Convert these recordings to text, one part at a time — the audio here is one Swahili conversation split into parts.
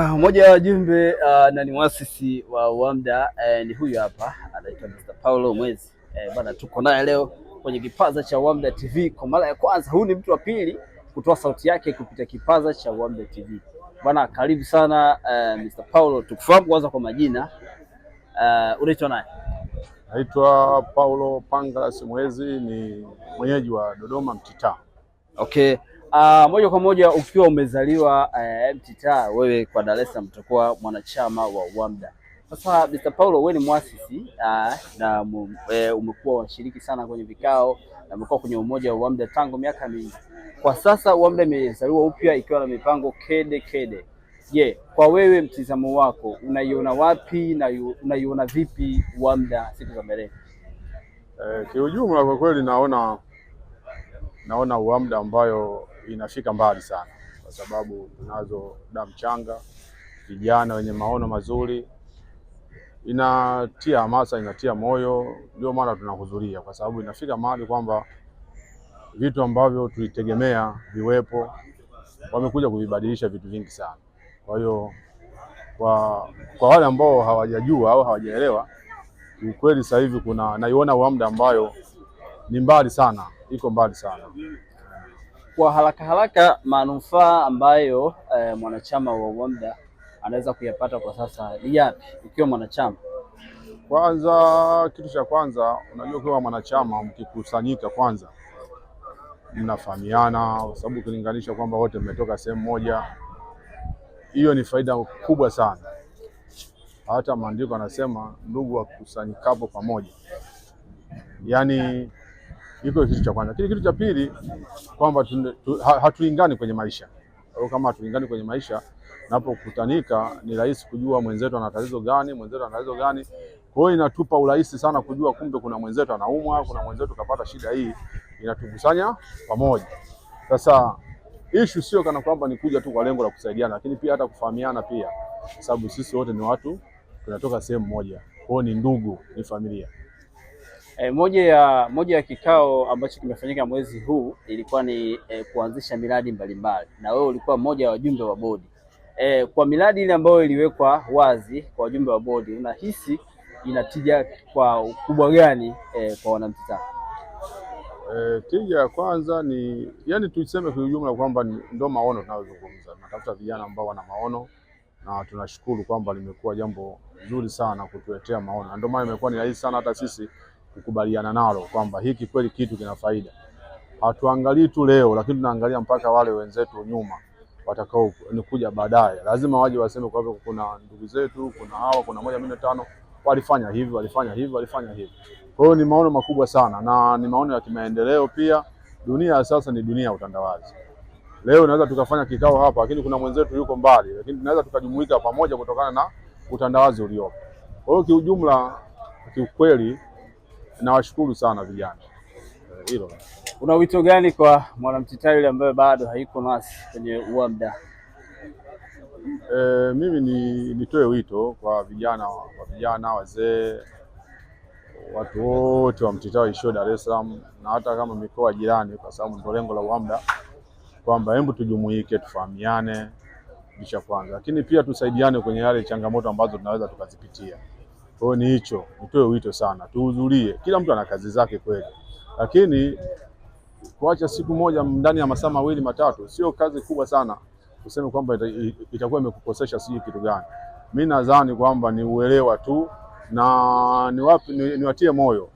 Mmoja ah, wa wajumbe uh, na ni mwasisi wa UWAMDA eh, ni huyu hapa anaitwa Mr. Paulo Mwezi eh, bana, tuko naye leo kwenye kipaza cha UWAMDA TV kwa mara ya kwanza. Huyu ni mtu wa pili kutoa sauti yake kupitia kipaza cha UWAMDA TV bana, karibu sana eh, Mr. Paulo, tukufahamu kwanza kwa majina uh, unaitwa naye? Naitwa Paulo Pangas Mwezi, ni mwenyeji wa Dodoma Mtita. Okay. Uh, moja kwa moja ukiwa umezaliwa uh, Mtita, wewe kwa Dar es Salaam utakuwa mwanachama wa WAMDA. Sasa Mr. Paulo, wewe ni mwasisi uh, na uh, umekuwa washiriki sana kwenye vikao na umekuwa kwenye umoja wa WAMDA tangu miaka mingi. Kwa sasa WAMDA imezaliwa upya ikiwa na mipango kede kede. Je, yeah, kwa wewe mtizamo wako unaiona wapi na unaiona vipi WAMDA siku za mbele? Eh, kiujumla kwa kweli naona naona WAMDA ambayo inafika mbali sana, kwa sababu tunazo damu changa, vijana wenye maono mazuri, inatia hamasa, inatia moyo. Ndio maana tunahudhuria, kwa sababu inafika mahali kwamba vitu ambavyo tulitegemea viwepo wamekuja kuvibadilisha vitu vingi sana. Kwa hiyo kwa, kwa wale ambao hawajajua au hawajaelewa kiukweli, sasa hivi kuna naiona wamda ambayo ni mbali sana, iko mbali sana. Kwa haraka haraka manufaa ambayo eh, mwanachama wa UWAMDA anaweza kuyapata kwa sasa ni yapi ukiwa mwanachama? Kwanza, kitu cha kwanza, unajua ukiwa mwanachama, mkikusanyika kwanza mnafahamiana, kwa sababu ukilinganisha kwamba wote mmetoka sehemu moja, hiyo ni faida kubwa sana. Hata maandiko anasema ndugu wakusanyikapo pamoja, yaani Iko kitu cha kwanza, lakini kitu cha pili kwamba hatulingani kwenye maisha. Au kama hatulingani kwenye maisha, napokutanika ni rahisi kujua mwenzetu ana tatizo gani, mwenzetu ana tatizo gani. Kwa hiyo inatupa urahisi sana kujua kumbe kuna mwenzetu anaumwa, kuna mwenzetu kapata shida hii, inatukusanya pamoja. Sasa ishu sio kana kwamba ni kuja tu kwa lengo la kusaidiana, lakini pia hata kufahamiana pia, sababu sisi wote ni watu tunatoka sehemu moja, kwao ni ndugu, ni familia. E, moja ya moja ya kikao ambacho kimefanyika mwezi huu ilikuwa ni e, kuanzisha miradi mbalimbali, na wewe ulikuwa mmoja wa wajumbe wa bodi e, kwa miradi ile ambayo iliwekwa wazi kwa wajumbe wa bodi, unahisi ina tija kwa ukubwa gani e, kwa wanamtitano? E, tija ya kwanza ni yani, tuseme kwa ujumla kwamba ndio maono tunayozungumza, tunatafuta vijana ambao wana maono na tunashukuru kwamba limekuwa jambo zuri sana kutuletea maono, ndio maana imekuwa ni rahisi sana hata sisi kukubaliana nalo kwamba hiki kweli kitu kina faida. Hatuangalii tu leo, lakini tunaangalia mpaka wale wenzetu nyuma watakao kuja baadaye, lazima waje waseme, kwa sababu kuna ndugu zetu, kuna hawa, kuna moja mimi tano walifanya hivi, walifanya hivi, walifanya hivi. Kwa hiyo ni maono makubwa sana na ni maono ya kimaendeleo pia. Dunia sasa ni dunia ya utandawazi. Leo naweza tukafanya kikao hapa, lakini kuna mwenzetu yuko mbali, lakini tunaweza tukajumuika pamoja kutokana na utandawazi uliopo. Kwa hiyo kiujumla, kiukweli nawashukuru sana vijana eh, hilo. Una wito gani kwa mwanamchitaa yule ambaye bado haiko nasi kwenye UWAMDA? E, eh, mimi ni nitoe wito kwa vijana kwa vijana wazee, watu wote wa Mtitawe Ishiwo Dar es Salaam na hata kama mikoa jirani, kwa sababu ndio lengo la UWAMDA kwamba hebu tujumuike, tufahamiane kisha kwanza, lakini pia tusaidiane kwenye yale changamoto ambazo tunaweza tukazipitia. Kwa hiyo ni hicho, nitoe wito sana, tuhudhurie. Kila mtu ana kazi zake kweli, lakini kuacha siku moja ndani ya masaa mawili matatu sio kazi kubwa sana, tuseme kwamba itakuwa imekukosesha sijui kitu gani. Mi nadhani kwamba ni uelewa tu na niwatie ni, ni moyo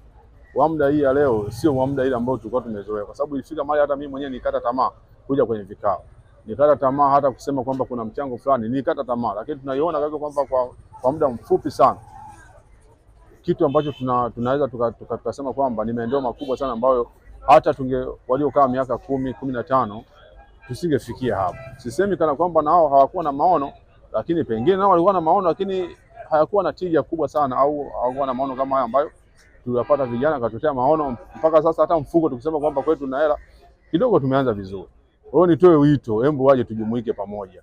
wa muda hii ya leo, sio wa muda ile ambao tulikuwa tumezoea, kwa sababu ilifika mahali hata mimi mwenyewe nikata tamaa kuja kwenye vikao, nikata tamaa hata kusema kwamba kuna mchango fulani, nikata tamaa, lakini tunaiona kwamba kwa, kwa muda mfupi sana kitu ambacho tuna, tunaweza tukasema tuka, tuka kwamba ni maendeleo makubwa sana ambayo hata tunge waliokaa miaka kumi kumi na tano tusingefikia hapo. Sisemi kana kwamba nao hawakuwa na maono, lakini pengine nao walikuwa na maono, lakini hayakuwa na tija kubwa sana, au hawakuwa na maono kama haya ambayo tuliyapata. Vijana katotea maono mpaka sasa, hata mfuko tukisema kwamba kwetu na hela kidogo, tumeanza vizuri. Kwa hiyo nitoe wito, hebu waje tujumuike pamoja,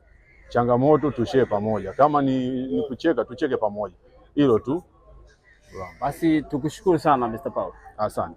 changamoto tushee pamoja, kama ni, ni kucheka tucheke pamoja, hilo tu. kulala. Basi tukushukuru sana Mr. Paul. Asante.